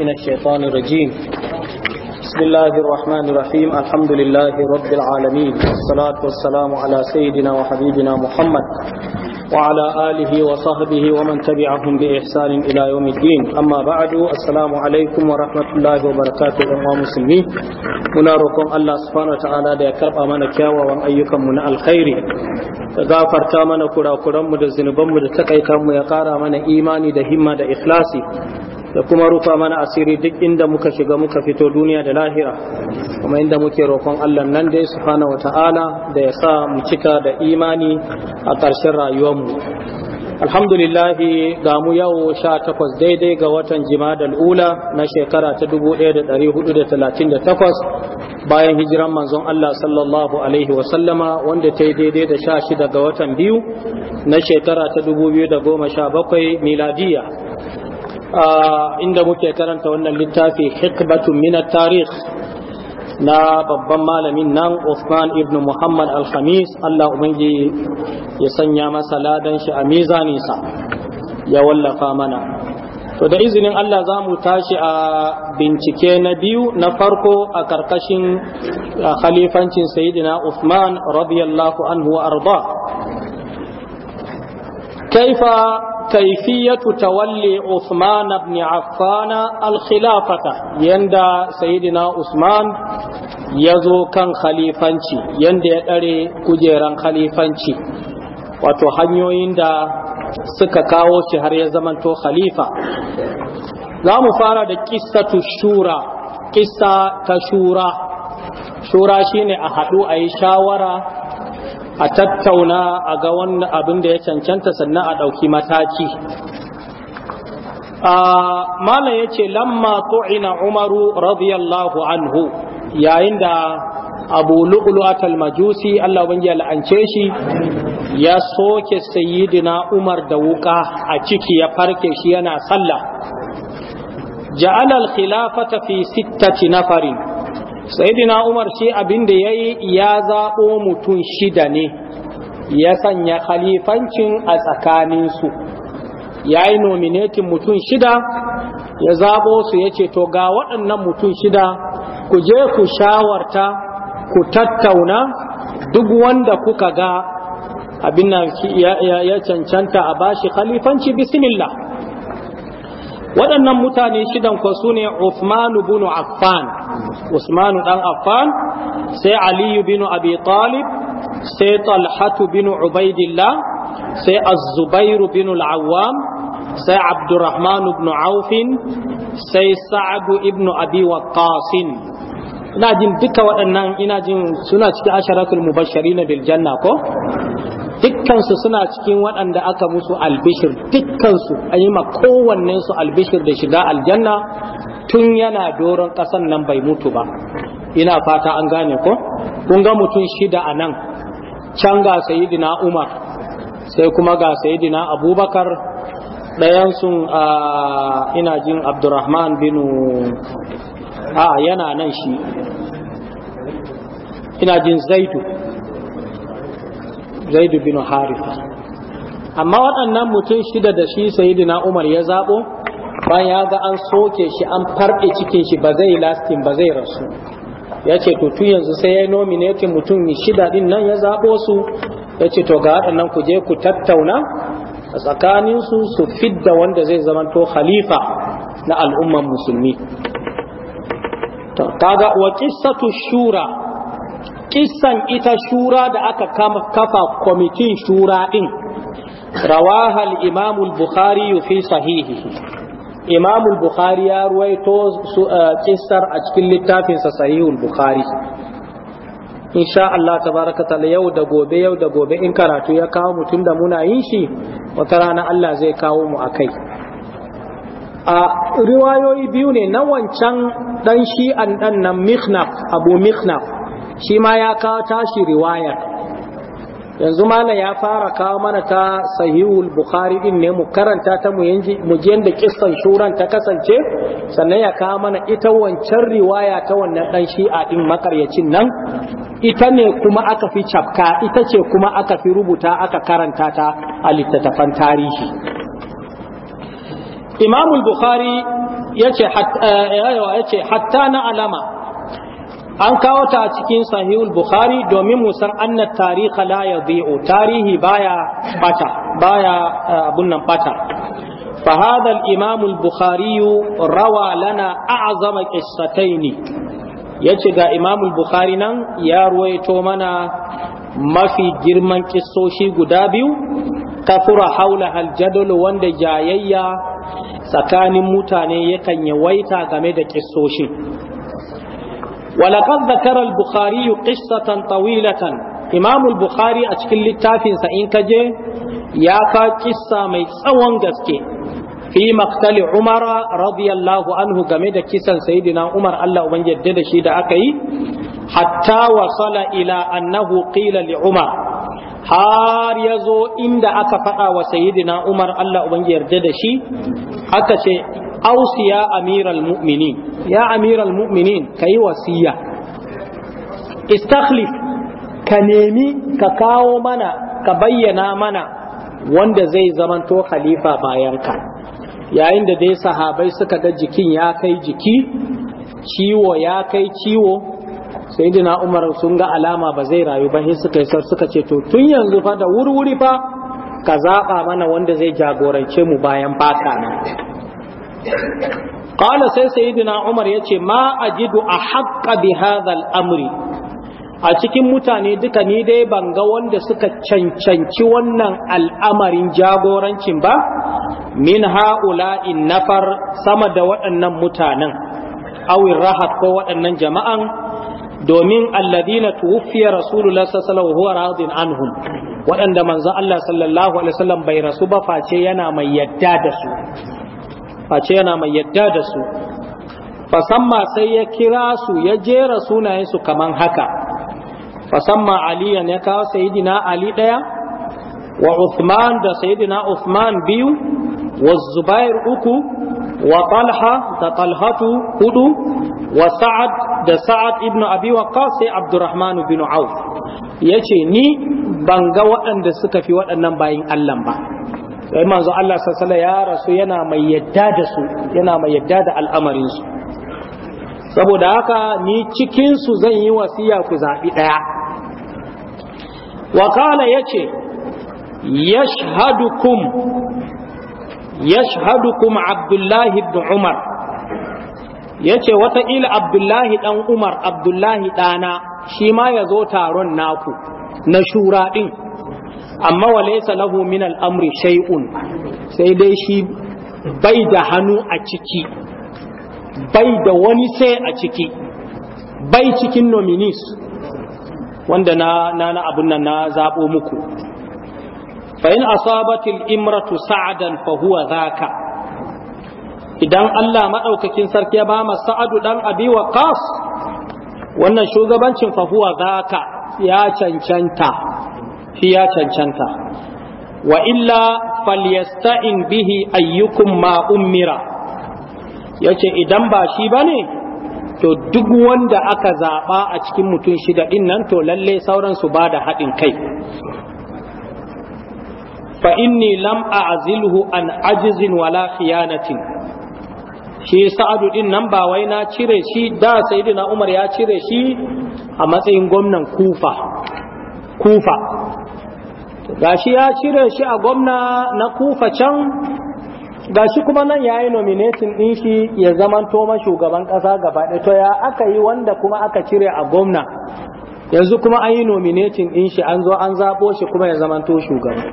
من الشيطان الرجيم بسم الله الرحمن الرحيم الحمد لله رب العالمين والصلاة والسلام على سيدنا وحبيبنا محمد وعلى آله وصحبه ومن تبعهم بإحسان إلى يوم الدين أما بعد السلام عليكم ورحمة الله وبركاته أمام مسلمين منا ركم الله سبحانه وتعالى دا يكرب أمانك وأن أيكم من الخير gafarta mana kurakuranmu da zunubanmu da takaita mu ya kara mana imani da himma da ikhlasi da kuma rufa mana asiri duk inda muka shiga muka fito duniya da lahira kuma inda muke roƙon Allah nan dai wa wata'ala da ya sa mu cika da imani a ƙarshen rayuwarmu alhamdulillah ga mu yau sha takwas daidai ga watan jimadal ula na shekara ta takwas, bayan hijiran manzon Allah sallallahu alaihi wa sallama wanda ta yi daidai da sha shida ga watan biyu na shekara ta da goma sha bakwai miladiya inda muke karanta wannan littafi hikbatun mina tarikh na babban malamin nan Uthman ibn Muhammad al-Khamis Allah ubangi ya sanya masa ladan shi a mizaninsa ya wallafa mana to da izinin Allah za mu tashi a bincike na biyu na farko a karkashin khalifancin sayyidina Uthman radiyallahu anhu wa arda kaifa kaifiyatu tawalli Uthman ibn Affan al-khilafata yanda sayyidina Uthman yazo kan khalifanci yanda ya dare kujeran khalifanci wato hanyoyin da suka kawo shi har ya zamanto khalifa za mu fara da kissatu shura kissa ta shura shura shine a haɗu a yi shawara a tattauna a ga wannan abin da ya cancanta sannan a ɗauki mataki malam ya ce lamma tu'ina umaru radiyallahu anhu yayin da abu lu'lu'at al-majusi Allah ubangi ya la'ance shi ya soke sayyidina umar da wuka a ciki ya farke shi yana sallah ja'ala al-khilafata fi sittati nafarin Saidina umar shi abin da ya yi ya zaɓo mutum shida ne ya sanya khalifancin a tsakaninsu ya yi nominatin mutum shida ya zaɓo su ya ce to ga waɗannan mutum shida ku je ku shawarta ku tattauna duk wanda kuka ga abin nan ya cancanta a bashi khalifanci bismillah waɗannan mutane shidan ko su ne Uthman bin Affan Usman dan Affan sai Ali bin Abi Talib sai Talha bin Ubaidillah sai Az-Zubair bin Al-Awwam sai Abdurrahman bin Auf sai Sa'ad ibn Abi Waqqas ina jin duka waɗannan ina jin suna cikin asharatul mubashirin bil janna ko dukkansu suna cikin waɗanda aka musu albishir dukkansu an yi ma su albishir da shiga aljanna tun yana doron ƙasan nan bai mutu ba ina fata an gane ko kun ga mutum shida anan can ga sayidina umar sai kuma ga sayidina abubakar ɗayansu ina jin abdurrahman binu a yana nan shi ina jin zaitu zaidu bin harifa amma waɗannan mutum shida da shi sayidina umar ya zaɓo bayan ya ga an soke shi an farɗe cikin shi ba zai lastin ba zai rasu ya ce to tun yanzu sai ya nominati mutum shida din nan ya zaɓo su ya ce to ga waɗannan ku je ku tattauna a tsakaninsu su fidda wanda zai zamanto khalifa na al'umman musulmi kaga wa qissatu shura kisan ita shura da aka kafa kwamitin shura din rawahal imamul bukhari fi Sahihi. imamul bukhari ya ruwaito eh, kisar a cikin littafinsa sahihul bukhari insha Allah tabaraka yau da gobe yau da gobe in karatu ya kawo mutum da muna yin shi wata rana Allah zai kawo mu akai a riwayoyi biyu ne na wancan dan shi an dan nan mikhnaf abu mikhnaf shi ma ya kawo tashi riwayar yanzu mana ya fara kawo mana ta sahihul bukhari din ne mu karanta ta mu je da kissan shuran ta kasance sannan ya kawo mana ita wancan riwaya ta wannan dan shi'a din makaryacin nan ita ne kuma aka fi cafka ita ce kuma aka fi rubuta aka karanta ta a littattafan tarihi imamul bukhari ya eh, hatta na alama an kawo ta cikin sahihul bukhari domin mu san anna tariha la yadhi'u tarihi baya bata baya eh, abun nan bata fa hadha al-imam al-bukhari rawa lana a'zama ne. yace ga imam al-bukhari nan ya ruwaito mana mafi girman kissoshi guda biyu kafura haula al-jadal wanda jayayya tsakanin mutane yakan yawaita game da kissoshin ولقد ذكر البخاري قصة طويلة إمام البخاري أشكل التافين سإنكجي يافا قصة ميتسوان قسكي في مقتل عمر رضي الله عنه قمد كسا سيدنا عمر الله من جدد شيد أكي حتى وصل إلى أنه قيل لعمر har ya zo inda aka faɗa wa sayidina umar Allah ubangi yarda da shi aka ce ausi ya amiral mu'minin ya amiral mu'minin ka yi wasiya istakhlif ka nemi ka kawo mana ka bayyana mana wanda zai zamanto khalifa bayanka yayin da dai sahabai suka ga jikin ya kai jiki ciwo ya kai ciwo sai dina umar sun ga alama ba zai rayu ba sai suka sar suka ce to tun yanzu fa da wurwuri fa ka zaɓa mana wanda zai jagorance mu bayan baka nan qala sai sayyidina umar ya ce ma ajidu a bi hadhal amri a cikin mutane duka ni dai ban ga wanda suka cancanci wannan al'amarin jagorancin ba min ha'ula'in nafar sama da waɗannan mutanen awin rahat ko waɗannan jama'an domin alladina tuwfiya rasulullah sallallahu alaihi radin anhum waɗanda manzo Allah sallallahu alaihi wasallam bai rasu ba face yana mai yadda da su face yana mai yadda da su fasamma sai ya kira su ya jera sunayensu kaman haka fasamma aliyan ya kawo sayidina ali ɗaya wa uthman da sayidina uthman biyu wa zubair uku wa talha da talhatu hudu wa sa'ad da sa'ad ibnu abi waqqas sai abdurrahman bin auf yace ni ban ga waɗanda suka fi waɗannan bayin Allah ba sai manzo Allah sassala ya rasu yana mai yadda da su yana mai yadda da al'amarinsu saboda haka ni cikinsu zan yi wasiya ku zaɓi ɗaya wakala ya ce yashhadukum yashhadukum abdullahi ibn umar ya ce wataƙila abdullahi ɗan umar abdullahi ɗana shi ma ya zo taron naku na shura ɗin amma wa laysa lahu min al-amri shay'un sai dai shi bai da hannu a ciki bai da wani sai a ciki bai cikin nominis wanda na na na abun nan na zaɓo muku Fahim in asabatil imratu sa'adan fa huwa zaka idan Allah madaukakin sarki ya ba ma sa'adu dan abi waqas wannan shugabancin fa huwa zaka ya cancanta shi ya cancanta wa illa falyasta'in bihi ayyukum ma ummira yace idan ba shi bane to duk wanda aka zaba a cikin mutum shida din nan to lalle sauran su bada haɗin kai fa inni lam a'zilhu an ajizin wala khiyanatin shi sa'adu din nan ba wai na cire shi da sayyidina umar ya cire shi a matsayin gwamnan kufa kufa gashi ya cire shi a gwamna na kufa can gashi kuma nan ya yi nominatin ɗin shi ya zaman toma shugaban ƙasa gaba to ya aka yi wanda kuma aka cire a gwamna yanzu kuma an yi nominatin ɗin shi an zo an zaɓo shi kuma ya zaman to shugaban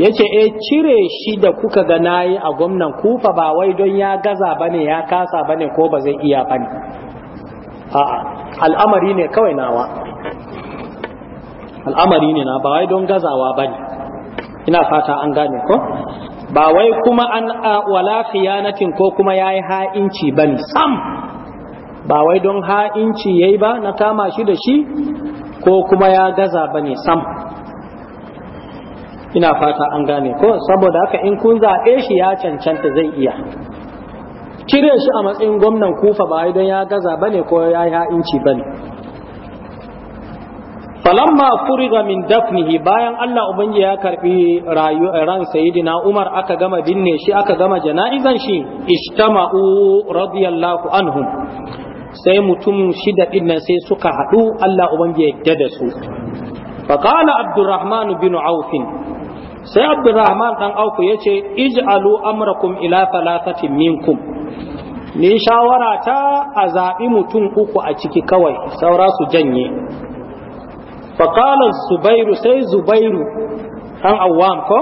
ya ce e cire shi da kuka ga na yi a gwamnan kufa ba wai don ya gaza ba ne ya kasa ba ne ko ba zai iya ba ne a'a al'amari ne kawai nawa al'amari ne na ba wai don gazawa ba ne ina fata an gane ko ba wai kuma an wala khiyanatin ko kuma ya yi ha'inci ba ne sam ba wai don ha'inci ya yi ba na kama shi da shi ko kuma ya gaza ba ne sam ina fata an gane ko saboda haka in kun zaɓe shi ya cancanta zai iya cire shi a matsayin gwamnan kufa ba don ya gaza ba ne ko ya yi ha'inci ba ne falamma furiga min dafnihi bayan Allah ubangi ya karbi ran sayyidina Umar aka gama binne shi aka gama jana'izan shi ijtama'u radiyallahu anhum sai mutum shida din nan sai suka hadu Allah ubangi ya yadda da su fa qala Abdurrahman bin Auf sai Abdurrahman dan Auf yace ij'alu amrakum ila thalathatin minkum ni shawara ta a zaɓi mutum uku a ciki kawai saura su janye faƙalar zubairu sai zubairu an awam ko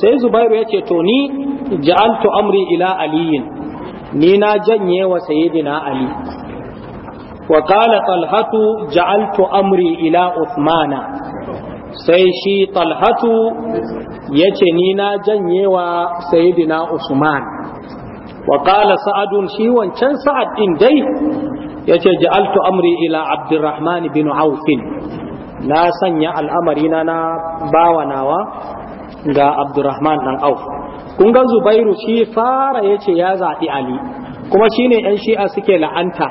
sai zubairu ya ce to ni ja'altu amri ila aliyin ni na janye wa sayidina ali wa qala talhatu ja'altu amri ila uthmana sai shi talhatu yace ni na janye wa sayidina usman wa qala sa'adun shi wancan sa'ad din dai yace ja'altu amri ila abdurrahman bin aufin na sanya al'amari na na bawa nawa ga abdurrahman dan auf kun ga zubairu shi fara ya ce ya zaɓi ali kuma shine yan shi'a suke la'anta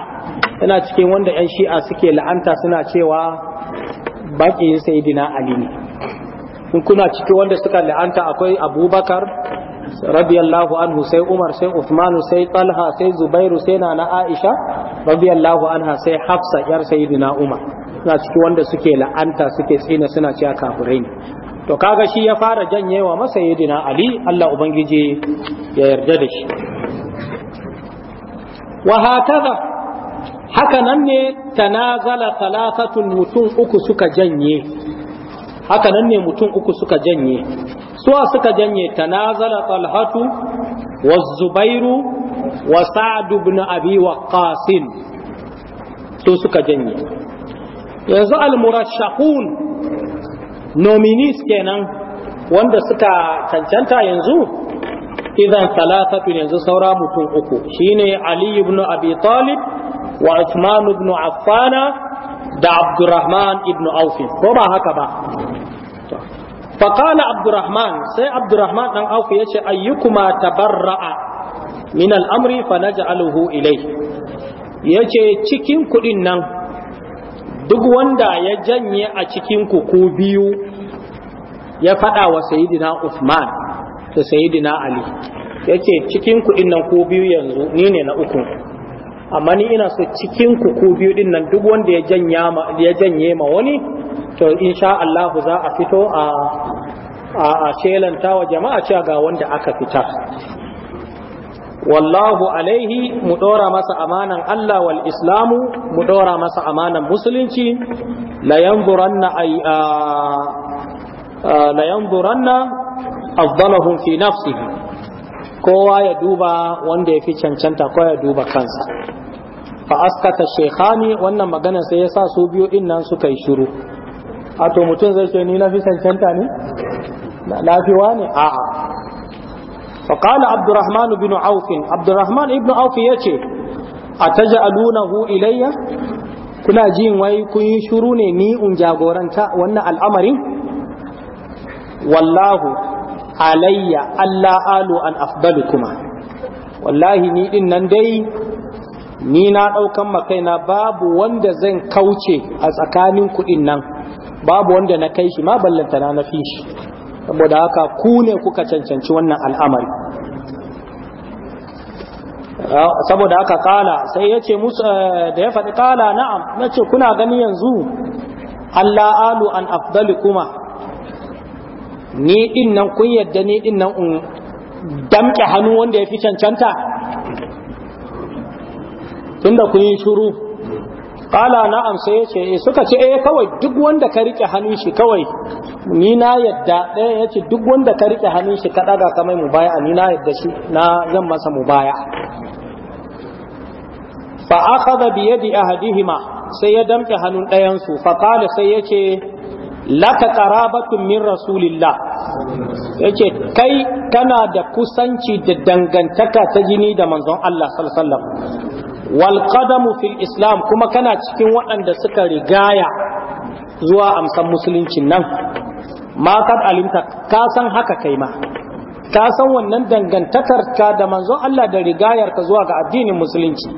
yana cikin wanda yan shi'a suke la'anta suna cewa sai dina ali ne kuna ciki wanda suka la'anta akwai abubakar radiyallahu anhu sai Umar sai Uthmanu sai Talha sai Zubairu sai Nana Aisha radiyallahu anha sai Hafsa yar Sayyidina Umar suna ciki wanda suke la'anta suke tsina suna cewa kafirai ne to kaga shi ya fara janyewa masa Sayyidina Ali Allah ubangiji ya yarda da shi wa hakaza haka nan ne tanazala thalathatun mutum uku suka janye haka nan ne mutum uku suka janye suwa suka janye tanazala talhatu wa zubairu wa sa'adu ibn abi waqqas su suka janye yanzu al-murashshaqun nominis kenan wanda suka cancanta yanzu idan talatatu yanzu saura mutum uku shine ali ibn abi talib wa Usman ibn affana da abdurrahman ibn auf ko ba haka ba فقال عبد sai سي ɗan الرحمن ya ce ayyukuma ايكما تبرع من الامر فنجعله اليه ilai ya ce cikin kudin nan duk wanda ya janye a cikin ku biyu ya fada wa sayidina Uthman da sayidina Ali ya ce cikin kuɗin nan ku biyu yanzu ni ne na uku amma ni ina so cikin ku biyu ɗin nan duk wanda ya janye ma wani to insha Allah za a fito a a shelanta wa jama'a cewa ga wanda aka fita wallahu alaihi mu dora masa amanan Allah wal islamu mu dora masa amanan musulunci la yanzuranna ay la yanzuranna afdalahum fi nafsihi kowa ya duba wanda ya fi cancanta kowa ya duba kansa fa askata shekhani wannan magana sai ya sa su biyu din nan suka yi shiru a mutum zai ce ni na fi cancanta ne na fi wani a a faƙala abdurrahman ibn aufin abdurrahman ibn aufin ya ce a ta ji alunahu ilayya kuna ji wai kun yi shuru ne ni in jagoranta wannan al'amarin? wallahu alayya allah alu an afdalu kuma wallahi ni din nan dai ni na ɗaukan makaina babu wanda zan kauce a tsakanin kuɗin nan babu wanda na kai shi ma ballanta na nafi shi saboda haka ku ne kuka cancanci wannan al'amari saboda haka kala sai ya ce musu eh, da ya faɗi kala na'am na ce kuna gani yanzu Allah alu an afdali kuma ni din nan kun yadda ni din nan in damƙe hannu wanda ya fi cancanta tunda kun yi shuru qala na'am sai yace eh, suka ce eh kawai duk wanda ka rike hannun shi kawai ni na yadda ɗaya yace duk wanda ka rike hannun shi kaɗa ga ka mu baya ni na yadda shi na zan masa mu baya. fa da biye yadi ahadihima sai ya damke hannun ɗayansu fa kala sai ce, laka qarabatun min rasulillah yace kai kana da kusanci da dangantaka ta jini da manzon Allah sallallahu alaihi wasallam wal qadamu fil islam kuma kana cikin waɗanda suka rigaya zuwa amsan musuluncin nan ma kad alimta ka san haka kai ma ka san wannan dangantakar ka da manzon Allah da rigayar ka zuwa ga addinin musulunci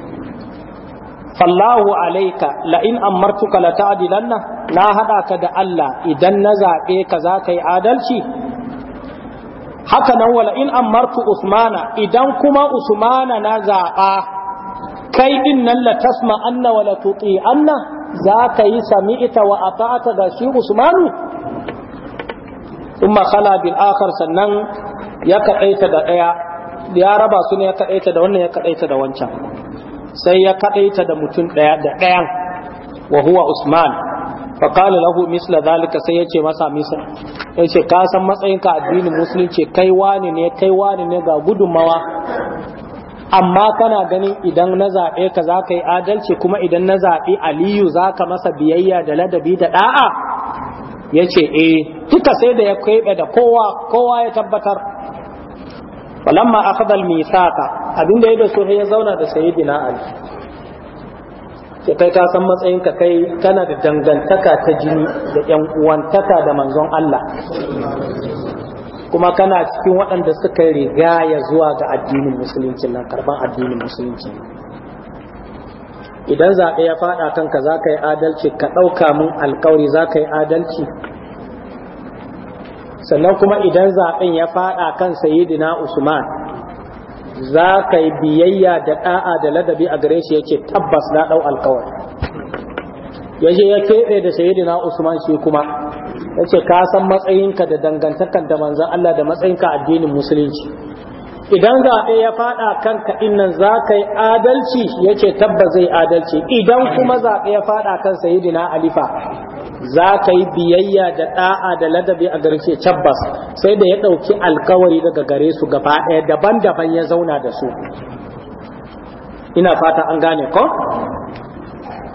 fallahu alaika la in amartuka la ta'dilanna na hada ka da Allah idan na zabe ka za ka yi adalci haka nan wala in amartu usmana idan kuma usmana na zaɓa. kai din nan la tasma anna wa la tuti anna za ka yi sami'ita wa ata'ata ga shi usmanu umma khala bil akhar sannan ya kadaita da daya ya raba su ne ya kadaita da wannan ya kadaita da wancan sai ya kadaita da mutum daya da dayan wa huwa usman fa qala lahu misla zalika sai yace masa misal yace ka san matsayinka addinin musulunci kai wani ne kai wani ne ga gudunmawa amma kana ganin idan na zaɓe ka za ka yi adalci kuma idan na zaɓi aliyu za ka masa biyayya da ladabi da ɗa'a ya ce eh duka sai da ya keɓe da kowa kowa ya tabbatar walamma akhdal abin abinda ya da so ya zauna da sayidina ali Ya kai ka san matsayin ka kai kana da dangantaka ta jini da yan uwantaka da manzon Allah kuma kana cikin waɗanda suka rigaya zuwa ga addinin musulunci nan karban addinin musulunci idan zaɓe ya faɗa kanka za ka yi adalci ka ɗauka mun alkawari za ka yi adalci sannan kuma idan zaɓen ya faɗa kan sayidina usman za ka yi biyayya da ɗa'a da ladabi a gare shi yake tabbas na ɗau alkawari ya je ya keɓe da sayidina usman shi kuma yace ka san matsayinka da dangantakan da manzon Allah da matsayinka addinin musulunci idan zaɓe ya faɗa kanka innan za ka yi adalci yace tabba zai adalci idan kuma zaɓe ya faɗa kan sayidina alifa za ka yi biyayya da ɗa'a da ladabi a gare tabbas sai da ya ɗauki alkawari daga gare su gaba ɗaya daban-daban ya zauna da su ina fata an gane ko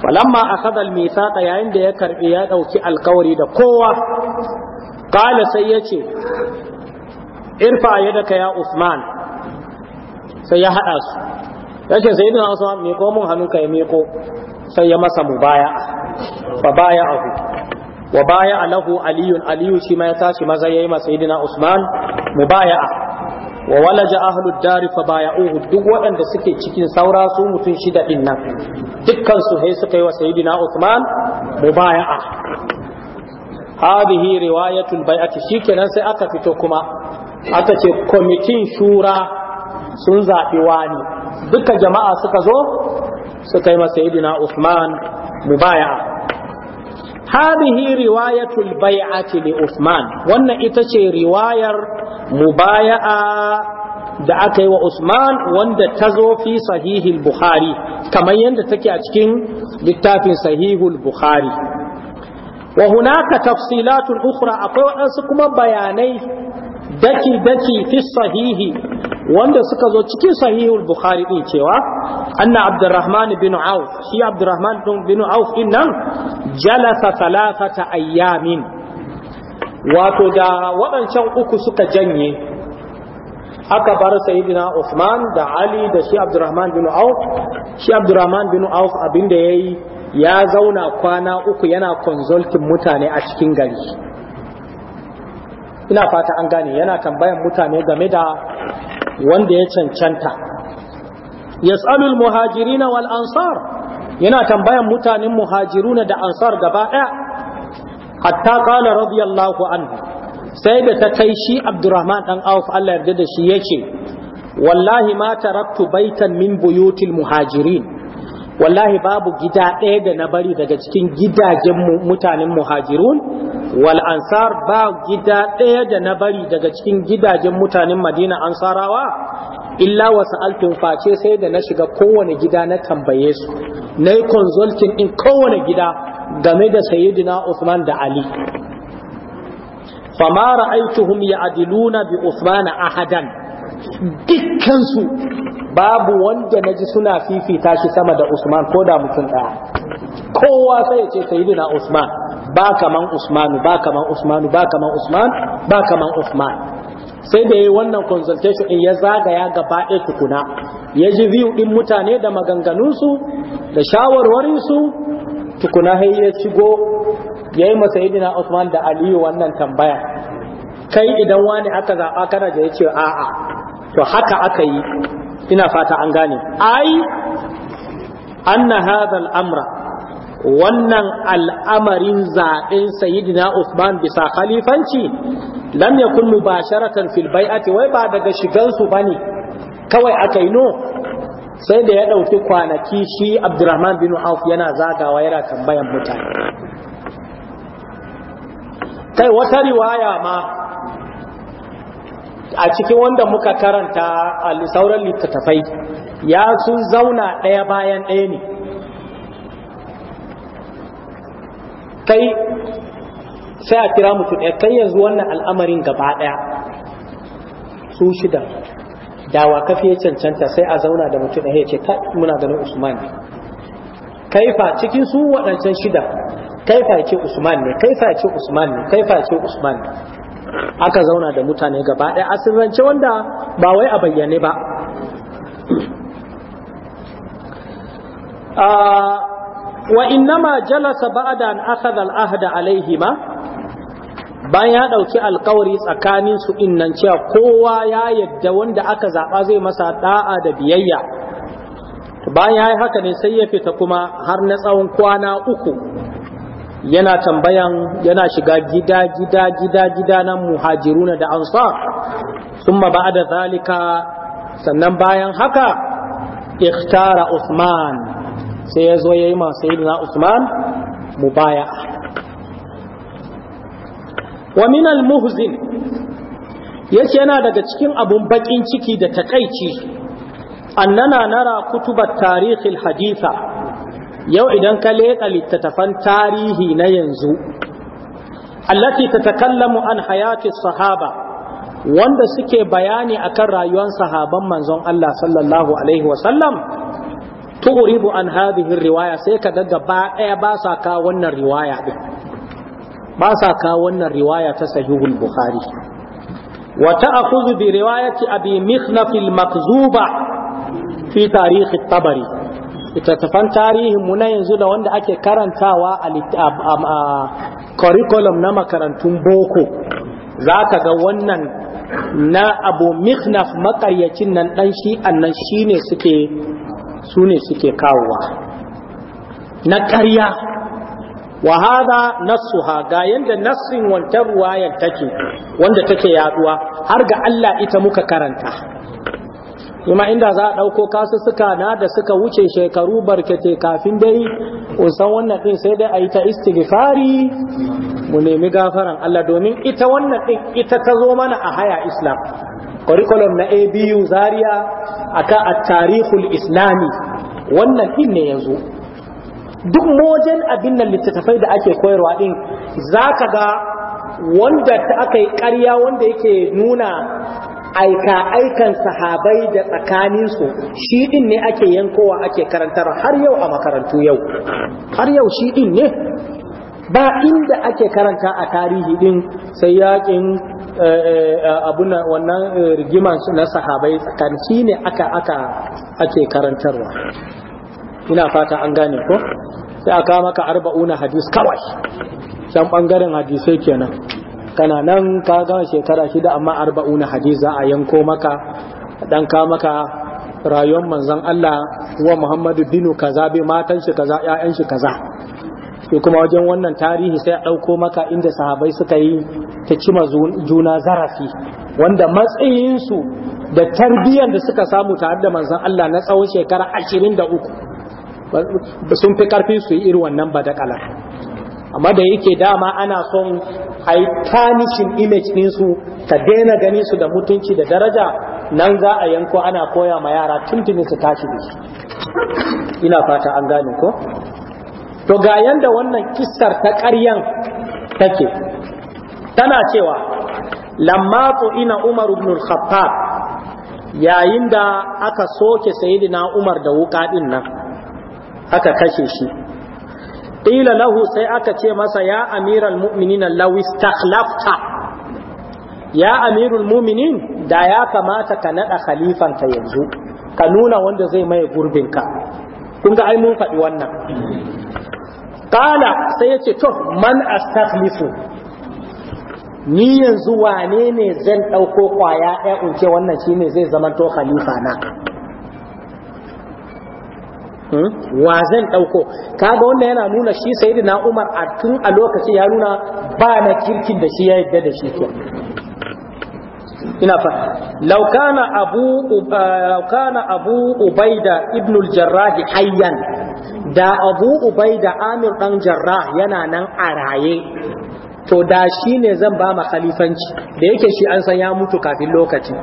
falamma akhadha al-mithaqa yayin da ya karbi ya dauki alkawari da kowa qala sai yace irfa yadaka ya usman sai ya hada su yace sayyidina usman me ko mun hannu kai me ko sai ya masa mubaya fa baya abu wa baya lahu aliyun aliyu shi ma ya tashi maza yayi ma sayyidina usman mubaya'a wa walaja ahlud dari fa baya'uhu duk waɗanda suke cikin saura su mutum shida din nan dukkan su sai suka yi wa sayyidina Uthman mubaya'a hadhihi riwayatul bai'ati shikenan sai aka fito kuma aka ce kwamitin shura sun zaɓi wani duka jama'a suka zo suka yi wa sayyidina Usman mubaya'a هذه رواية البيعة لعثمان وأن إتشي رواية مبايعة دعك وعثمان وأن تزو في صحيح البخاري كما يندتكي أتكين للتافي صحيح البخاري وهناك تفصيلات أخرى أقول أنسكم بياني daki daki fi sahihi wanda suka zo cikin sahihul bukhari din cewa anna abdurrahman bin auf shi abdurrahman bin auf din nan jalasa talafata ayyamin wato da waɗancan uku suka janye aka bar sayyidina Usman da Ali da shi Abdurrahman bin Auf shi Abdurrahman bin Auf abinda yayi ya zauna kwana uku yana consulting mutane a cikin gari ina fata an gane yana tambayan mutane game da wanda ya cancanta yas'alul muhajirina wal ansar yana tambayan mutanen muhajiruna da ansar gaba ɗaya hatta ƙala radiyallahu anhu sai da ta kai shi abdurrahman ɗan auf Allah yarda da shi yace wallahi ma taraktu baitan min buyutil muhajirin wallahi babu gida ɗaya da na bari daga cikin gidajen mutanen muhajirun wal ansar ba gida ɗaya da na bari daga cikin gidajen mutanen madina ansarawa illa wasu sa'altun face sai da na shiga kowane gida na tambaye su na yi consulting in kowane gida game da sayyidina Usman da Ali fama ra'aituhum ya'diluna bi Usman ahadan dukkan babu wanda na ji suna fifita shi sama da Usman ko da mutum ɗaya, kowa sai ya ce sayyidina Usman ba kaman Usmanu ba kaman Usmanu ba kaman Usman ba kaman Usman sai da ya yi wannan consultation in ya zagaya ga ɗaya tukuna ya ji view ɗin mutane da maganganunsu da shawarwarinsu tukuna hai ya shigo ya yi masa idina Usman da Aliyu wannan tambaya kai idan wani aka zaɓa kana da ya ce a'a to haka aka yi ina fata an gane ai anna hadha al-amra wannan al'amarin zaɓen sayidina Usman bisa khalifanci lam yakun mubasharatan fil bai'ati wai ba daga shigansu bane kawai aka yi no sai da ya ɗauki kwanaki shi Abdurrahman bin Auf yana zagawa yana tambayan mutane kai wata riwaya ma a cikin wanda muka karanta a sauran littattafai ya sun zauna ɗaya bayan ɗaya ne kai sai a kira mutum ɗaya kai yanzu wannan al'amarin gaba ɗaya su shida da wa kafi ya cancanta sai a zauna da mutum ɗaya ya ce ta muna ganin usman ne kaifa cikin su waɗancan shida kaifa ya ce usman ne kaifa ya ce usman ne kaifa ya ce usman ne aka zauna da mutane gaba ɗaya a sirrance wanda ba wai a bayyane ba ah, wa nama jalasa ba'da an akhadha al-ahda ma? bayan ya ɗauki alkawari tsakanin su innan cewa kowa ya yadda wanda aka zaɓa zai masa ɗa'a da biyayya bayan ya yi haka ne sai ya fita kuma har na tsawon kwana uku yana tambayan yana shiga gida gida gida gida na muhajiruna da ansar summa da zalika sannan bayan haka ikhtara Usman. sai ya zo ya yi masu na usman mubaya wa minal muhzin ya ce yana daga cikin abun bakin ciki da takaici annana nara kutubar tarihil haditha yau idan ka leƙa littattafan tarihi na yanzu allati tatakallamu an hayati sahaba wanda suke bayani akan rayuwar sahaban manzon Allah sallallahu alaihi wasallam tu'ribu an hadhihi riwaya sai ka ga gaba daya ba sa ka wannan riwaya din ba sa ka wannan riwaya ta sahihul bukhari wa ta'khudhu bi riwayati abi mikhnaf al makzuba fi tarikh at-tabari littattafan tarihin mu na yanzu da wanda ake karantawa a curriculum na makarantun boko za ka ga wannan na abu miknaf makaryacin nan dan shi annan shi ne suke su ne suke kawowa na karya wa hada nassuha ga yadda nassin wancan ruwayar take wanda take yaduwa har ga Allah ita muka karanta kuma inda za a ɗauko kasu suka na da suka wuce shekaru barkete kafin dai san wannan ɗin sai dai a yi ta istighfari mu nemi gafaran Allah domin ita wannan ɗin ita ta zo mana a haya islam curriculum na abu zaria a a tarihul islami wannan in ne yanzu duk mojen abin nan littattafai da ake koyarwa din ka ga wanda ta aka yi karya wanda yake nuna aika aikan sahabai da tsakaninsu shi din ne ake yankowa ake karantar har yau a makarantu yau har yau shi din ne ba inda ake karanta a tarihi din sai yakin Eh, eh, abuna wannan eh, rigima na sahabai tsakani shi ne aka aka ake karantarwa ina fata an gane ko sai aka maka arba'una hadis kawai can bangaren hadisai kenan kana nan ka gama shekara shida amma arba'una hadis za a yanko maka dan ka maka rayuwar manzon Allah wa Muhammadu binu kaza bi matan shi kaza ƴaƴan shi kaza shi kuma wajen wannan tarihi sai a ɗauko maka inda sahabai suka yi ta cima juna zarafi wanda matsayinsu da tarbiyyar da suka samu tare da manzon Allah na tsawon shekara ashirin da uku sun fi karfi su yi irin wannan badakalar amma da yake dama ana son tanishin image su ka daina gani su da mutunci da daraja nan za a yanko ana koya ma yara tuntuni su tashi da shi. ina fata an gane ko to ga yanda wannan kissar ta ƙaryan take tana cewa lamma ina umar ibn al-khattab yayin da aka soke sayyidina umar da wuka din nan aka kashe shi Ɗila lahu sai aka ce masa ya amiral mu'minin law istakhlafta ya amirul mu'minin da ya kamata ka nada khalifan ka yanzu ka nuna wanda zai maye gurbin ka kun ga ai mun faɗi wannan Ƙala sai ya ce, To, man astaghlifu ni yanzu wane ne zan ɗauko ƙwaya ɗaya in ce wannan shi ne zai zama to khalifa na. Hmm? Wa zan ɗauko, kaga wanda yana nuna shi sai na Umar a tun a lokaci ya nuna ba na kirkin da shi ya yadda da shi to ina fa abu law abu ubaida ibn al-jarrah hayyan da abu ubai da amir ɗan jarra yana nan a raye to da shi ne zan ba ma khalifanci da yake shi an san ya mutu kafin lokaci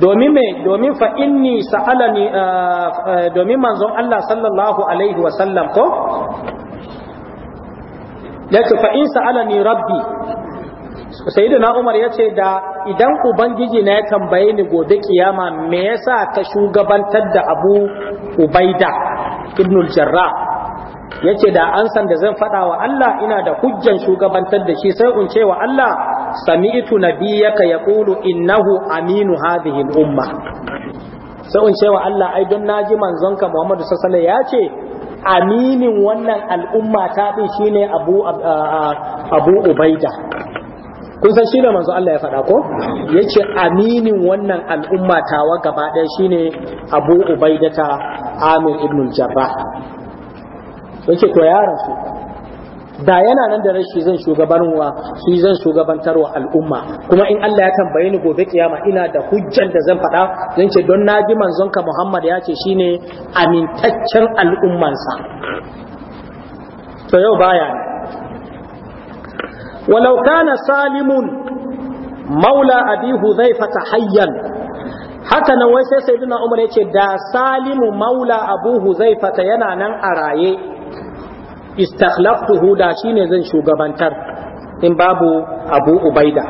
domin me domin fa inni sa'alani eh, eh, domin manzon Allah sallallahu alaihi wa sallam ko yace fa in sa'alani rabbi na umar ya ce da idan ubangiji na ya tambaye ni gobe kiyama me yasa ka shugabantar da abu ubaida ibnul jarra ya ce da an san da zan faɗa wa allah ina da hujjan shugabantar da shi sai in ce wa allah sami'tu nabiyyaka yaqulu innahu aminu hadhihi umma sai in ce wa allah ai don naji manzonka muhammadu sallallahu ya ce aminin wannan al'umma ta din shine abu uh, uh, abu ubaida kun san shine manzo Allah ya faɗa ko yace aminin wannan al'umma tawa gaba ɗaya shine Abu Ubaidata Amir ibn Jarrah yace to ya rasu da yana nan da rashi zan shugabanwa shi zan shugabantarwa al'umma kuma in Allah ya tambaye ni gobe kiyama ina da hujjan da zan faɗa zan ce don naji manzonka Muhammad ya ce shine amintaccen al'ummansa to yau baya ne walau kana salimun maula abi huzaifa hayyan haka nan wai sai sayyidina umar yace da salimu maula abu huzaifa yana nan a raye istakhlaftuhu da shine zan shugabantar in babu abu ubaida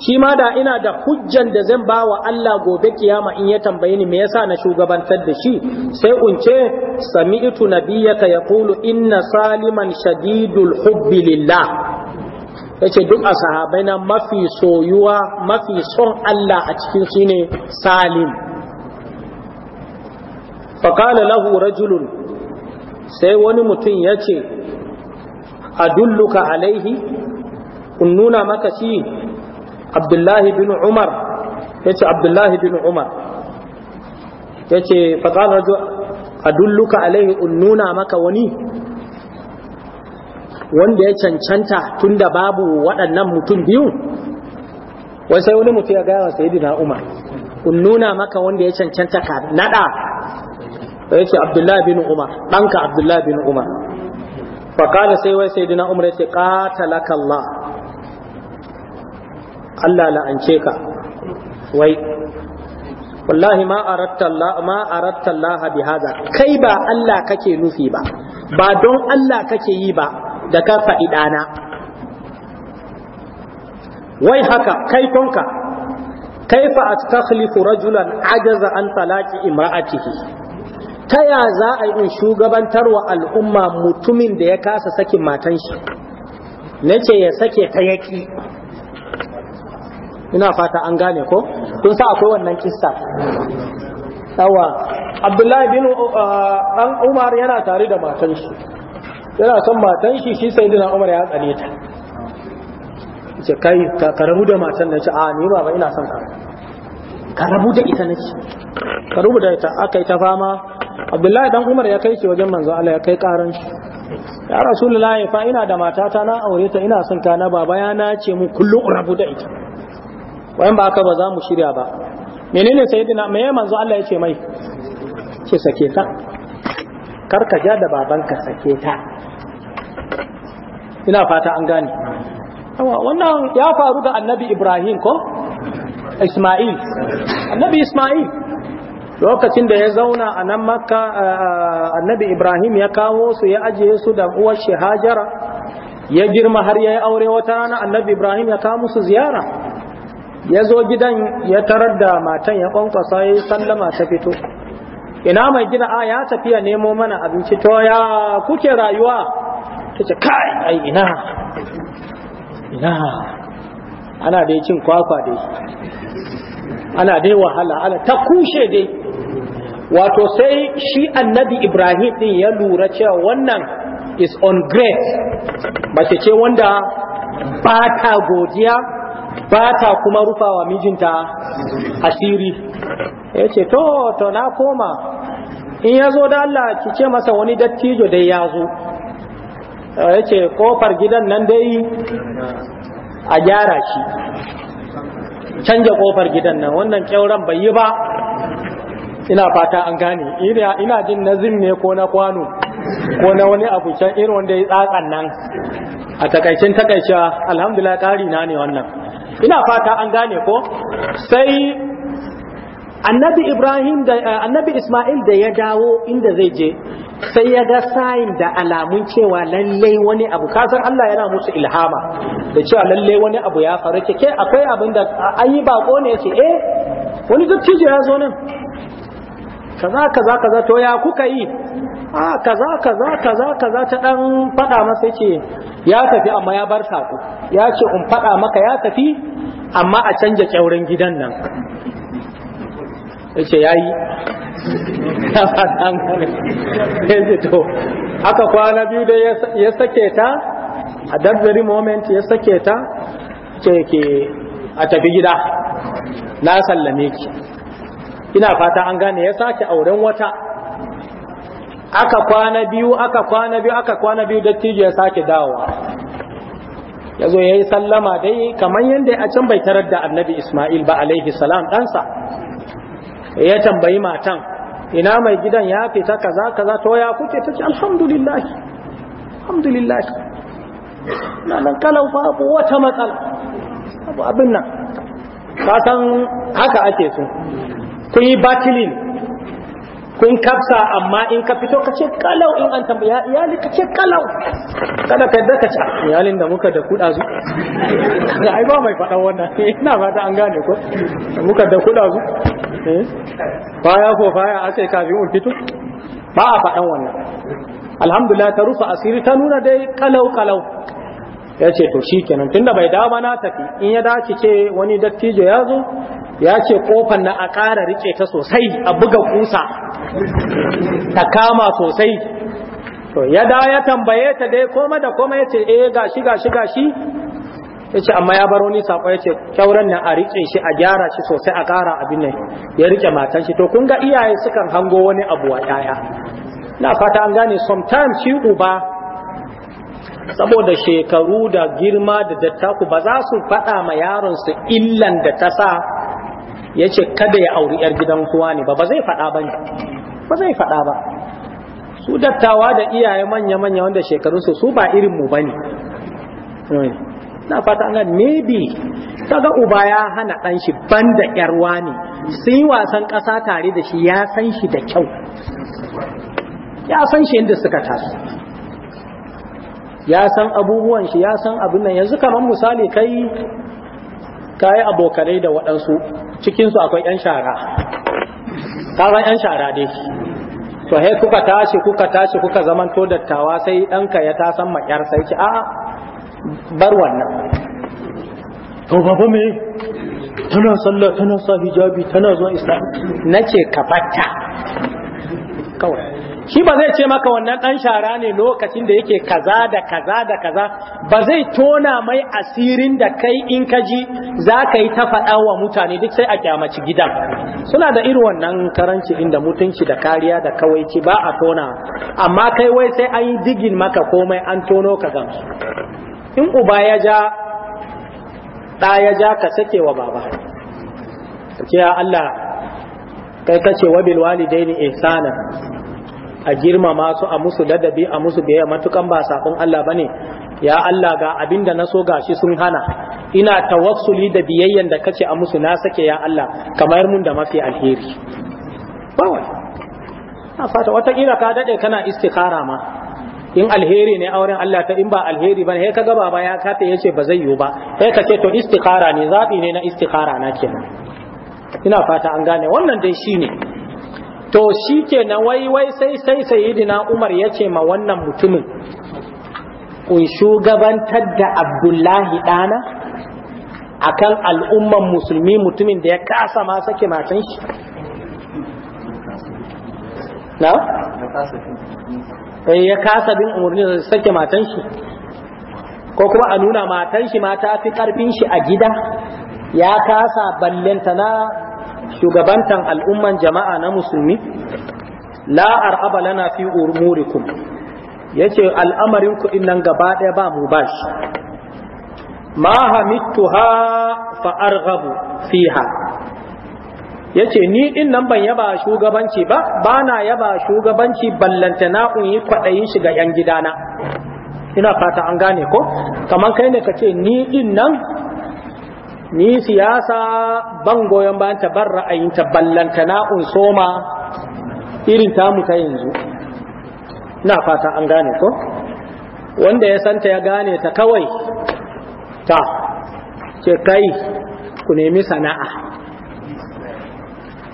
shi ma da ina da hujjan da zan ba wa Allah gobe kiyama in ya tambaye ni me yasa na shugabantar da shi sai unce sami'tu nabiyyaka yaqulu inna saliman shadidul hubbi lillah yace duk a sahabai na mafi soyuwa mafi son Allah a cikin su ne salim faqala lahu rajulun sai wani mutum yace adulluka alaihi kun nuna maka shi abdullahi bin umar ya ce abdullahi bin umar ya yace faqala a dulluka alaihi nuna maka wani wanda ya cancanta tun da babu waɗannan mutum biyu wai sai wani mutum ya gaya wa sayyidina umar unnuna maka wanda ya cancanta ka naɗa? Ya ce abdullahi bin umar danka abdullahi bin umar faqala sai wai sayyidina umar ya ce qatalaka allah Allah la'ance ka wai wallahi ma aratta Allah ma aratta Allah bi hada kai ba Allah kake nufi ba ba don Allah kake yi ba da ka faɗi wai haka kai tonka kaifa astakhlifu rajulan ajaza an talaqi imra'atihi ta ya za a yi shugabantarwa al'umma mutumin da ya kasa sakin matan shi nace ya sake ta yaki ina fata an gane ko kun sa akwai wannan kissa yawa abdullahi bin uh, umar yana tare da matan shi yana son matan shi shi sai dina umar ya tsane ta ce kai ka karamu da matan na ce a ni ba ina son ka karamu da ita na karamu da ita aka yi ta fama abdullahi dan umar ya kai shi wajen manzo Allah ya kai karan shi ya rasulullahi fa ina da matata na aure ta ina son ka na baba ya nace mu kullum rabu da ita wayan ba haka ba za mu shirya ba menene dina me manzo Allah yake mai ce sake ta kar ka ja da babanka sake ta ina fata an gane wannan ya faru da annabi Ibrahim ko Ismail annabi Ismail lokacin da ya zauna a nan makka annabi Ibrahim ya kawo su ya ajiye su da uwar shi Hajara ya girma har ya yi aure wata rana annabi Ibrahim ya kawo musu ziyara ya zo gidan ya tarar da matan ya kwankwasa ya sallama ta fito ina mai gina a ya tafiya nemo mana abinci to ya kuke rayuwa ta ce kai ai ina ina ana dai cin kwakwa dai ana dai wahala ana ta kushe dai wato sai shi annabi ibrahim din ya lura cewa wannan is on grace mace ce wanda ba ta godiya ba ta kuma rufawa mijinta asiri ya ce to to na koma in ya zo da Allah ki ce masa wani dattijo dai ya zo ya ce kofar gidan nan dai a gyara shi canja kofar gidan nan wannan kyauran bai yi ba ina fata an gane ina jin na ne ko na kwano ko na wani abu can irin wanda ya tsakan nan a takaicin takaicewa alhamdulillah ƙari na ne wannan ina fata an gane ko sai annabi ibrahim da eh, annabi isma'il da ya dawo inda zai je sai ya ga sayin da alamun cewa lallai wani abu kasar Allah yana musu ilhama da cewa lallai wani abu ya faru ke akwai abin da an yi bako ne ce eh wani dattijo ya zo nan kaza kaza kaza to ya kuka yi a kaza kaza kaza kaza ta dan fada masa ce. ya tafi amma ya bar sako ya ce in fada maka ya tafi amma a canja kyauren gidan nan yace yayi ya faɗa to aka kwana biyu da ya sake ta a dabbari moment ya sake ta ce ke a tafi gida na sallame ki ina fata an gane ya sake auren wata aka kwana biyu aka kwana biyu aka kwana biyu dattijo ya sake dawowa ya zo ya yi sallama dai kamar yadda a can bai tarar da annabi ismail ba alaihi salam ɗansa ya tambayi matan ina mai gidan ya fita kaza kaza to ya kuke ta ce alhamdulillah alhamdulillah na nan kalau babu wata matsala abu abin nan ka san haka ake so kun yi batilin kun kafsa amma in ka fito ka ce kalau in an tambaya iyali ka ce kalau kada ka yadda ka ce ah, iyalin da muka da kuɗa zu ga ai ba mai faɗa wannan ina ta an gane ko muka da kuɗa zu baya eh? ko baya ce kafin mun fito ba a faɗan wannan alhamdulillah ta rufa asiri ta nuna dai kalau kalau ya ce to shi kenan tunda bai dama na tafi in ya dace ce wani dattijo ya zo ya ce kofan na a ƙara rike ta sosai a buga kusa ta kama sosai to ya da ya tambaye ta dai koma da koma ya ce eh gashi gashi gashi ya ce amma ya baro ni sako ya ce kyauran nan a rike shi a gyara shi sosai a ƙara abin nan ya rike matan shi to kun ga iyaye sukan hango wani abu a yaya na fata an gane sometimes shi uba saboda shekaru da girma da dattaku ba za su faɗa ma yaron su illan da ta sa ya ce kada ya auri 'yar gidan kowa ne ba ba zai faɗa ba ne ba zai faɗa ba su dattawa da iyaye manya-manya wanda shekarunsu su ba irinmu ba ne eh, na fata an maybe kaga uba ya hana ɗan shi ban da ƴarwa ne sun yi wasan ƙasa tare da shi ya san shi da kyau ya san shi inda suka taso ya san abubuwan shi ya san abin nan yanzu kamar misali kai ka yi abokanai da waɗansu cikinsu akwai 'yan shara ƙarar 'yan shara dai to he kuka tashi kuka tashi kuka to dattawa sai ɗanka ya ta san maƙyar sai ki a bar wannan to babu me tana sallah tana sa hijabi tana zuwa islam ce ka fatta kawai shi ba zai ce maka wannan ɗan shara ne lokacin da yake kaza da kaza da kaza ba zai tona mai asirin da kai in ka ji za ka yi ta faɗa wa mutane duk sai a kyamaci gidan suna da irin wannan karanci inda mutunci da kariya da kawaici ba a tona amma kai wai sai an yi digin maka komai an tono ka gamsu in uba ya ja ɗa ya ja ka sake wa baba ka ce Allah kai kace wabil walidaini ihsana a girmama su a musu ladabi a musu biyayya matukan ba sakon Allah bane ya Allah ga abinda na so gashi sun hana ina tawassuli da biyayyan da kace a musu na sake ya Allah kamar mun da mafi alheri ba a fata wata kila ka daɗe kana istikhara ma in alheri ne auren Allah ta in ba alheri ba bane ka kaga baba ya kafe yace ba zai yiwu ba sai kace to istikhara ne zabi ne na istikhara na kenan ina fata an gane wannan dai shine to shi ke na waiwai sai sai sayidina umar ya ce ma wannan mutumin kun shugabantar da abdullahi ɗana kan al'umman musulmi mutumin da ya kasa ma sake matan shi na? Eh, ya kasa bin umarnin da sake matan shi ko kuma a nuna matan shi ma ta fi karfin shi a gida ya kasa ballenta na shugabantan al'umman jama'a na musulmi la ar'aba lana fi umurikum yace al'amarin ku gaba daya ba mu bashi ma hamittuha fa arghabu fiha yace ni din ban yaba shugabanci ba bana yaba shugabanci ballanta na yi kwadayin shiga yan gidana ina fata an gane ko kaman kaine kace ni ni siyasa ban goyon bayan ta ban ballanta na unsoma irin ta ta yanzu na fata an gane ko wanda ya santa ya gane ta kawai ta ce kai ku nemi sana'a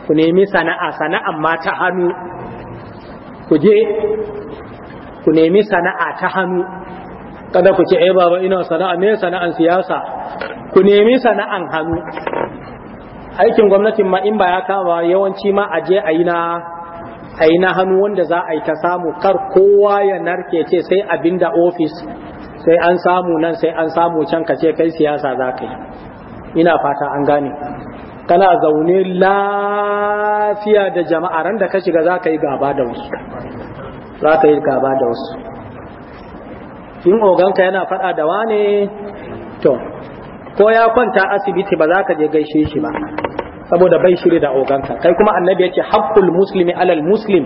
ku nemi sana'a sana'an ma ta hannu ku je ku nemi sana'a ta hannu kada ku ce eh baba ina sana'a me sana'an siyasa ku nemi sana'an hannu aikin gwamnatin ma in ba ya kama yawanci ma a je a yi na a yi na hannu wanda za a yi ta samu kar kowa ya narke ce sai abin da ofis sai an samu nan sai an samu can ka ce kai siyasa za ka yi ina fata an gane kana zaune lafiya da jama'a ran da ka shiga za ka yi gaba da wasu za ka yi gaba da wasu in oganka yana faɗa da wane to ko ya kwanta asibiti ba za ka je gaishe shi ba saboda bai shiri da oganka kai kuma annabi yace haqqul muslimi alal muslim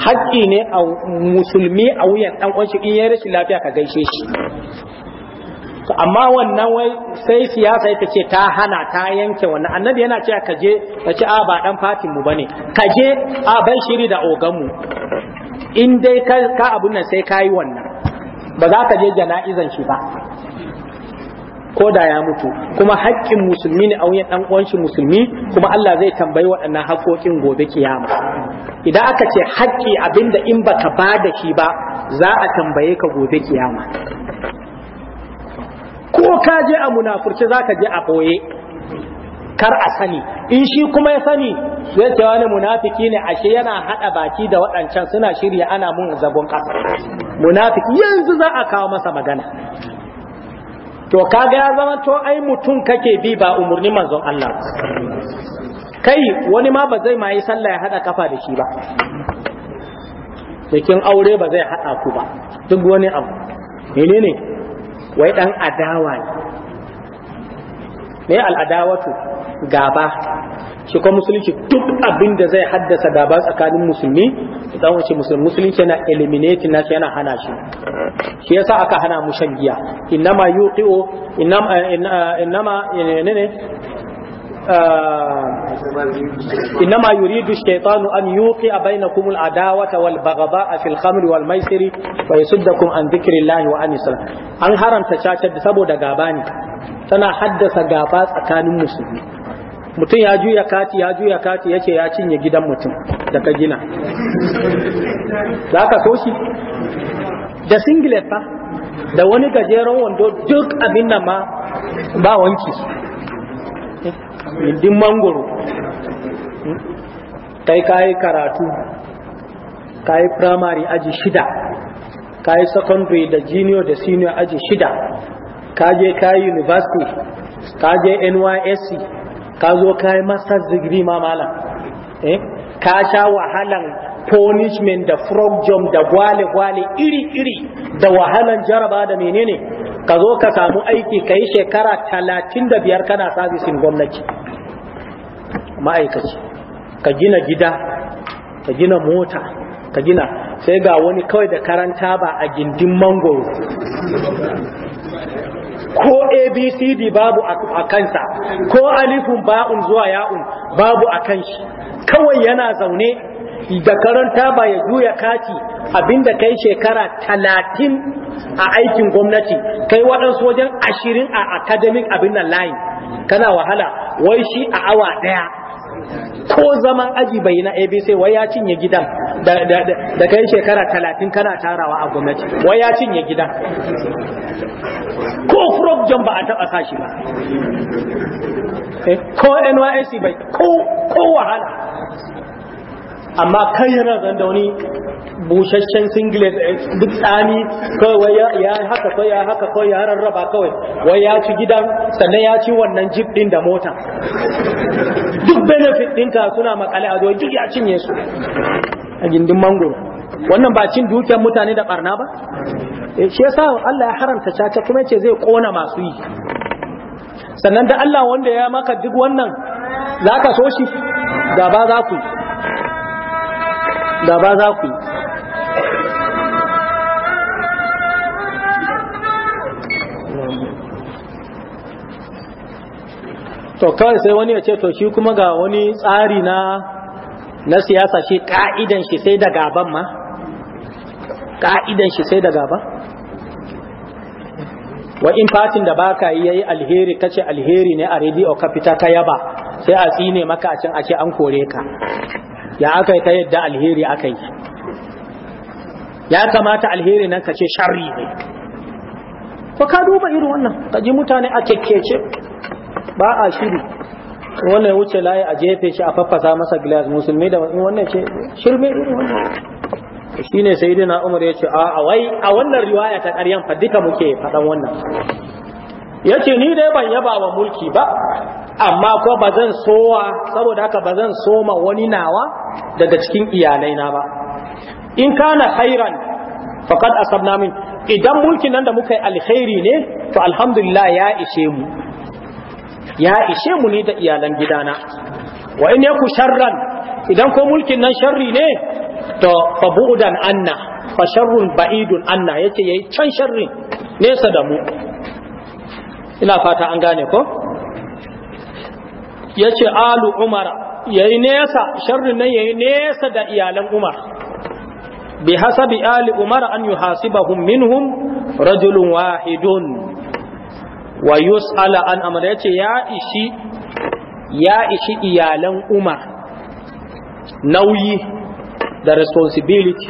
haƙƙi ne a musulmi a wuyan dan uwan in ya rashin lafiya ka gaishe shi amma wannan wai sai siyasa ita ce ta hana ta yanke wannan annabi yana cewa ka je ka ce a ba dan fatin mu bane ka je a bai shiri da ogan mu in dai ka abun nan sai kayi wannan ba za ka je jana'izan shi ba ko da ya mutu kuma haƙƙin musulmi ne a wuyan ɗan uwanshi musulmi kuma Allah zai tambayi waɗannan haƙoƙin gobe kiyama idan aka ce haƙƙi abinda in baka ba da shi ba za a tambaye ka gobe kiyama ko ka je a munafurci za ka je a ɓoye kar a sani in shi kuma ya sani zai ce wani munafiki ne ashe yana haɗa baki da waɗancan suna shirya ana mun zagon ƙasa munafiki yanzu za a kawo masa magana to kaga ya zama to ai mutum kake bi ba umarni manzon Allah kai wani ma ba zai ma sallah ya hada kafa da shi ba bikin aure ba zai haɗa ku ba duk wani abu menene wai dan adawa ne me al'adawatu gaba shi kuma musulunci duk abin da zai haddasa gaba tsakanin musulmi da wace musulunci yana eliminating nashi yana hana shi shi yasa aka hana mu shan giya innama yuqiu innama innama ah, ne إنما يريد الشيطان أن يوقع بينكم العداوة والبغضاء في الخمر والميسر ويصدكم عن ذكر الله وعن الصلاة أن هرم تشاشد سبو دقاباني قابات أكان mutum ya juya kati ya juya kati yake ya cinye gidan mutum da ka gina za ka koshi da singlet fa da wani gajeren wando duk abin nan ma ba wanki din mangoro kai kayi karatu kayi primary aji shida kayi secondary da junior da senior aji shida kaje kayi university kaje nysc ka zo ka yi master degree ma malam eh? ka sha wahalan punishment da frog jump da gwale-gwale iri-iri da wahalan jaraba da menene ka zo ka samu aiki ka yi shekara talatin da biyar kana sabisin gwamnati ma'aikaci ka gina gida ka gina mota ka gina sai ga wani kawai da karanta ba a gindin mangoro ko abcd babu a kansa ko alifun ba'un zuwa ya'un babu a kan shi kawai yana zaune da karanta ba ya juya kati abinda kai shekara talatin a aikin gwamnati kai waɗansu wajen ashirin a academic abin nan layin kana wahala wai shi a awa ɗaya ko zaman aji bai na abc wai ya cinye gidan da kai shekara talatin kana tarawa a gwamnati wai ya cinye gidan ko frog jam ba a taɓa sashi ba eh, ko nysc bai ko wahala amma kai yana zan da wani bushashen singlet eh, duk tsani kawai ya haka kawai ya haka kawai ya rarraba kawai wai ya ci gidan sannan ya ci wannan jip din da mota duk benefit dinka suna makale a duk ya cinye su a gindin mangoro wannan ba cin dukiyar mutane da barna ba eh, shi ya yasa Allah ya haramta caca kuma ce zai kona masu yi sannan da Allah wanda ya maka duk wannan za ka so shi gaba za ku yi da ba za ku to kawai sai wani ya ce to shi kuma ga wani tsari na na siyasa shi ka'idan shi sai da gaban ma ka'idan shi sai da gaba wa in fatin da baka yi yayi alheri kace alheri ne a radio ka fita ka yaba sai a tsine maka a can a an kore ka ya aka yi ta yadda alheri aka yi ya kamata alheri nan ka ce sharri ne ko ka duba irin wannan ka ji mutane a kekece ba a shiri wannan ya wuce layi a jefe shi a faffasa masa glass musulmi da wannan ce shirme irin wannan shi ne sai dina umar ya ce a wai a wannan riwaya ta ƙaryan fa duka muke faɗan wannan ya ce ni dai ban yaba wa mulki ba amma ko ba zan sowa saboda haka ba zan soma wani nawa daga cikin iyalaina ba in kana khairan faqad asabna min idan mulkin nan da muka yi alkhairi ne to alhamdulillah ya ishe mu ya ishe mu ne da iyalan gidana wa in yaku sharran idan ko mulkin nan sharri ne to fa bu'dan anna fa sharrun ba'idun anna yace yayi can sharri nesa da mu ina fata an gane ko yace alu umara yayi nesa sharrin nan yayi nesa da iyalan Umar bi hasabi ali Umar an yuhasibahum minhum rajulun wahidun wa yus'ala an amara yace ya ishi ya ishi iyalan Umar nauyi da responsibility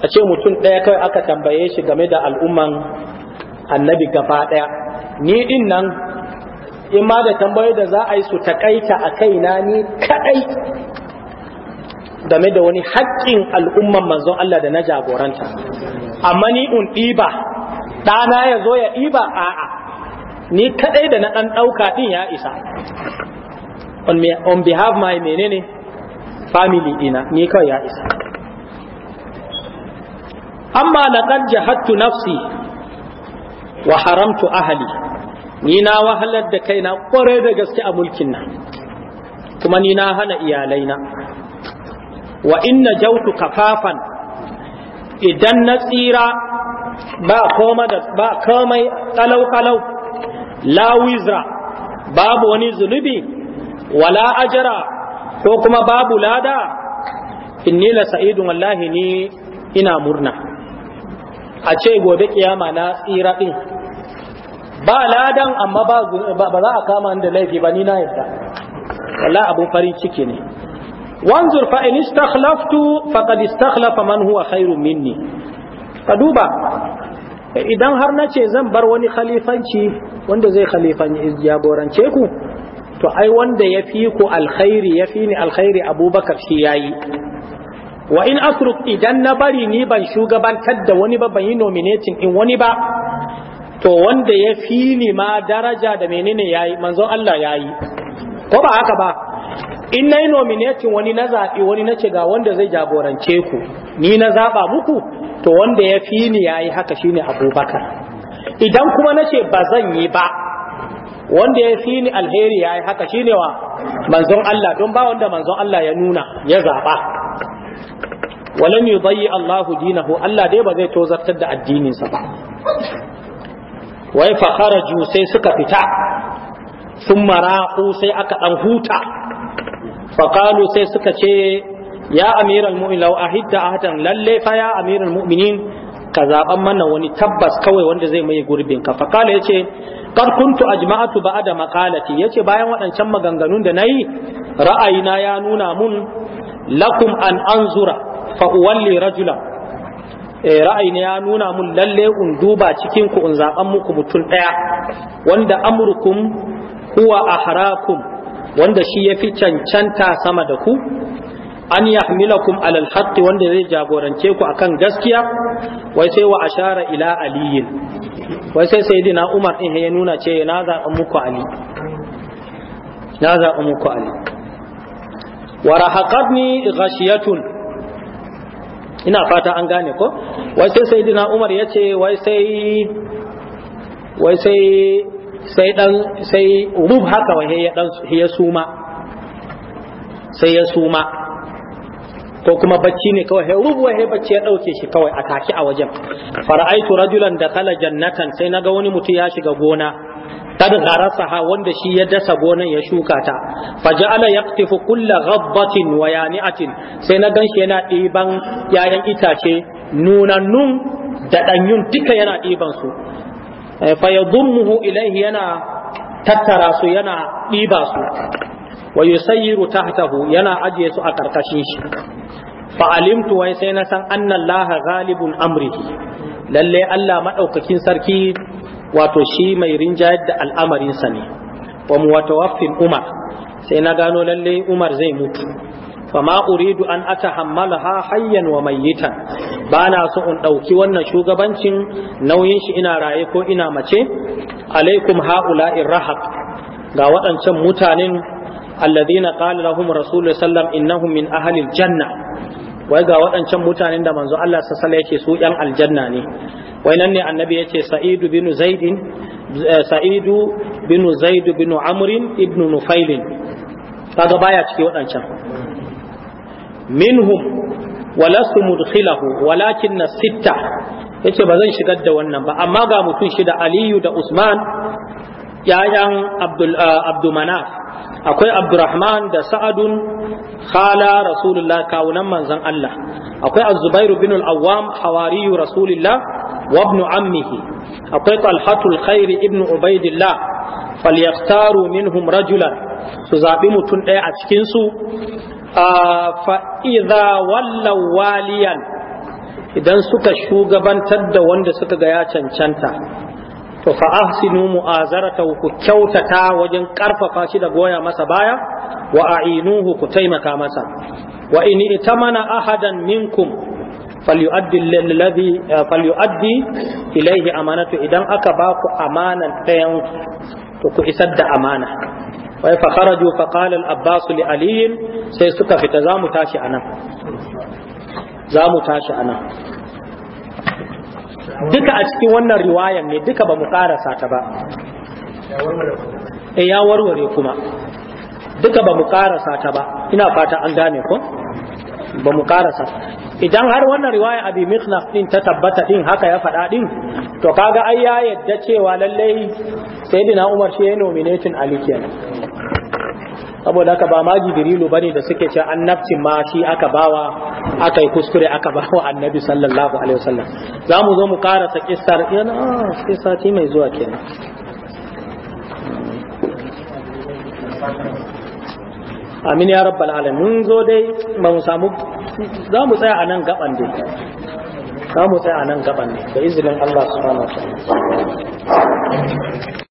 a ce mutum ɗaya kawai aka tambaye shi game da al'umman annabi gaba ɗaya ni din nan in ma da tambayoyi da za a yi su takaita a kaina ni kadai game da wani haƙƙin al'umman manzon Allah da na jagoranta amma ni un ɗiba ɗana ya zo ya ɗiba a'a ni kadai da na ɗan ɗauka ɗin ya isa on behalf my menene family ɗina ni kawai ya isa amma laqad jahattu nafsi wa haramtu ahli ni na wahalar da kaina kwarai da gaske a mulkin na, kuma ni na hana na. wa inna jautu kafafan idan na tsira ba koma da ba komai kalau kalau la wizra babu wani zunubi wala ajara ko kuma babu lada inni la sa'idun wallahi ni ina murna a ce gobe kiyama na tsira din ba ladan amma ba za a kama da laifi ba ni na yadda wallahi abun farin ciki ne wanzur fa in istakhlaftu faqad istakhlafa man huwa khairu minni ka duba idan har na ce zan bar wani khalifanci wanda zai khalifan jagorance ku to ai wanda ya fi ku alkhairi ya fi ni alkhairi abubakar shi ya yi wa in asruk idan na bari ni ban shugabantar da wani ba ban yi nominating in wani ba to wanda ya fi ni ma daraja da menene yayi manzon Allah yayi ko ba haka ba in nayi nominating wani na zabi wani nace ga wanda zai jagorance ku ni na zaba muku to wanda ya fi ni yayi haka shine Abubakar idan kuma nace ba zan yi ba wanda ya fi ni alheri yayi haka shine wa manzon Allah don ba wanda manzon Allah ya nuna ya zaba walam yudayyi Allahu dinahu Allah dai ba zai tozartar da addinin sa ba wai fakharaju sai suka fita sun ko sai aka ɗan huta Fakalu sai suka ce ya amiral mu'minin law ahidda ahadan lalle fa ya amiral mu'minin ka zaban mana wani tabbas kawai wanda zai mai gurbin ka faqala yace qad kuntu ajma'atu ba'da maqalati yace bayan waɗancan maganganun da nayi ra'ayina ya nuna mun lakum an anzura fa walli rajulan Eh, ra'ayi ne ya nuna mun lalle un duba cikin ku in zaɓan muku mutum ɗaya wanda amurkum huwa ahrakum wanda shi yafi cancanta sama da ku an yahmilakum alal haqq wanda zai jagorance ku akan gaskiya wai sai wa ashara ila aliyin wai sai sayyidina umar din ya nuna ce na zaben muku ali na zaben muku ali wa rahaqatni ghashiyatun ina fata an gane ko wai sai sayyidina umar ya ce wai sai wai sai sai dan sai rub haka wai ya dan ya suma sai ya suma ko kuma bacci ne kawai he rub he bacci ya dauke shi kawai a taki a wajen fara'aitu rajulan da kala jannatan sai naga wani mutum ya shiga gona harasa gharasaha wanda shi ya dasa gonan ya shuka ta faja'ala yaqtifu kulla ghabbatin wa yani'atin sai na ganshi yana ɗiban yayan itace nunannun da ɗanyun duka yana ɗiban su fa yadhummuhu yana tattara su yana ɗiba su wa yusayyiru tahtahu yana ajiye su a karkashin shi fa wai sai na san anna allaha ghalibun amrihi lalle Allah madaukakin sarki wato shi mai rinjayar da al'amarinsa ne wa muwatawaffin umar sai na gano lalle umar zai mutu ma uridu an ata ha hayyan wa mayyitan ba na so in ɗauki wannan shugabancin nauyin shi ina raye ko ina mace alaikum Ula'in rahab ga waɗancan mutanen alladhina qala lahum rasulullahi sallam innahum min ahli janna wai ga waɗancan mutanen da manzo Allah sassala ya ce su ‘yan aljanna ne wai nan ne annabi ya ce sa'idu binu zaidin eh, sa'idu zaidu binu amrin ibnu nufailin kaga baya ciki waɗancan minhum walastu mudkhilahu walakin na sitta yace ba zan shigar da wannan ba amma ga mutum shida aliyu da usman ‘ya'yan abdulmanaf eh, akwai abdurrahman da sa'adun khala rasulullah kawunan manzon Allah akwai az-zubairu bin al-awwam hawariyu rasulillah wa ibn ammihi akwai talhatul khair ibn ubaidillah falyaktaru minhum rajulan su zabi mutum ɗaya a cikin su fa idza wallaw waliyan idan suka shugabantar da wanda suka ga ya cancanta to fa ahsinu mu'azarata ku kyautata wajen karfafa shi da goya masa baya wa a'inuhu ku taimaka masa wa in itamana ahadan minkum falyu'addi alladhi eh, falyu'addi ilayhi amanatu idan aka ba ku amanan to ku isar da amana wai fa kharaju fa qala al-abbas li ali sai suka fita zamu tashi anan zamu tashi anan duka a cikin wannan riwayan ne duka ba mu karasa ta ba e ya warware kuma duka ba mu karasa ta ba ina fata an gane ko ba mu karasa idan har wannan riwaya abi mikhnaf din ta tabbata din haka ya faɗa din to kaga ai ya yadda cewa lallai sayyidina umar shi ya nominating ali kenan saboda haka ba ma jibrilu bane da suke cewa annabci ma shi aka bawa aka yi kuskure aka bawa annabi sallallahu alaihi wasallam za mu zo mu karasa kissar yana kissa ah, sati mai zuwa kenan amin ya rabbal alamin mun zo dai ba mu samu za mu tsaya a nan gaban dai za mu tsaya a nan gaban ne da izinin Allah subhanahu wa ta'ala